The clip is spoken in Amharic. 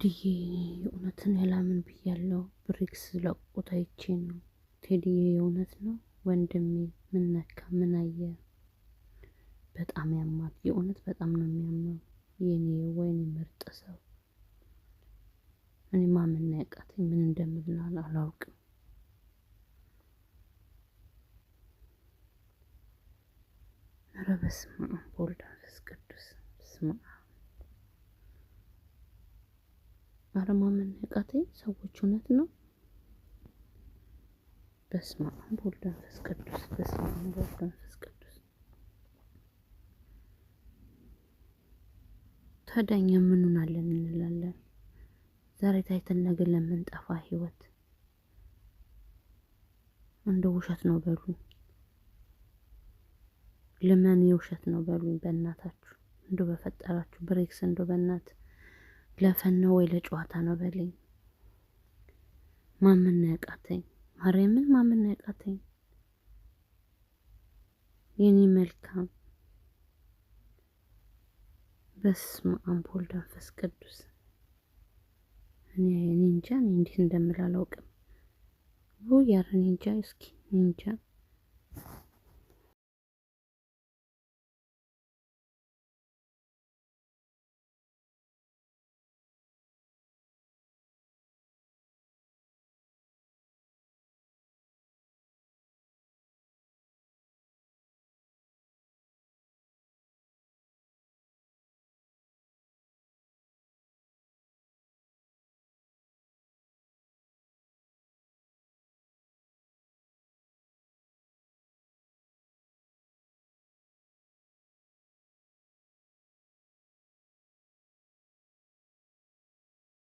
ቴዲዬ እውነትን ያላምን ብያለው። ብሪክስ ለቁት አይቼ ነው። ቴዲዬ የእውነት ነው ወንድሜ። ምነካ ምን አየ? በጣም ያማል። የእውነት በጣም ነው የሚያምነው። የኔ ወይኔ ምርጥ ሰው እኔ ማመን ያቃተኝ ምን እንደምላል አላውቅም። ረበስ በስመ አርማ መነቃቴ ሰዎች እውነት ነው። በስመ አብ ወወልድ ወመንፈስ ቅዱስ። በስመ አብ ወወልድ ወመንፈስ ቅዱስ። ታዲያ እኛ ምን ሆናለን እንላለን? ዛሬ ታይተን ነገ ለምንጠፋ ህይወት እንደ ውሸት ነው በሉኝ፣ ልመን የውሸት ነው በሉኝ። በእናታችሁ እንዶ በፈጠራችሁ ብሬክስ እንዶ በእናት ለፈን ነው ወይ ለጨዋታ ነው በለኝ። ማመን ነው ያቃተኝ፣ ማርያምን ማመን ነው ያቃተኝ። የኔ መልካም በስመ አብ ወወልድ ወመንፈስ ቅዱስ። እኔ እንጃ እንዴት እንደምላላውቅም ወይ ያረን እንጃ እስኪ እንጃ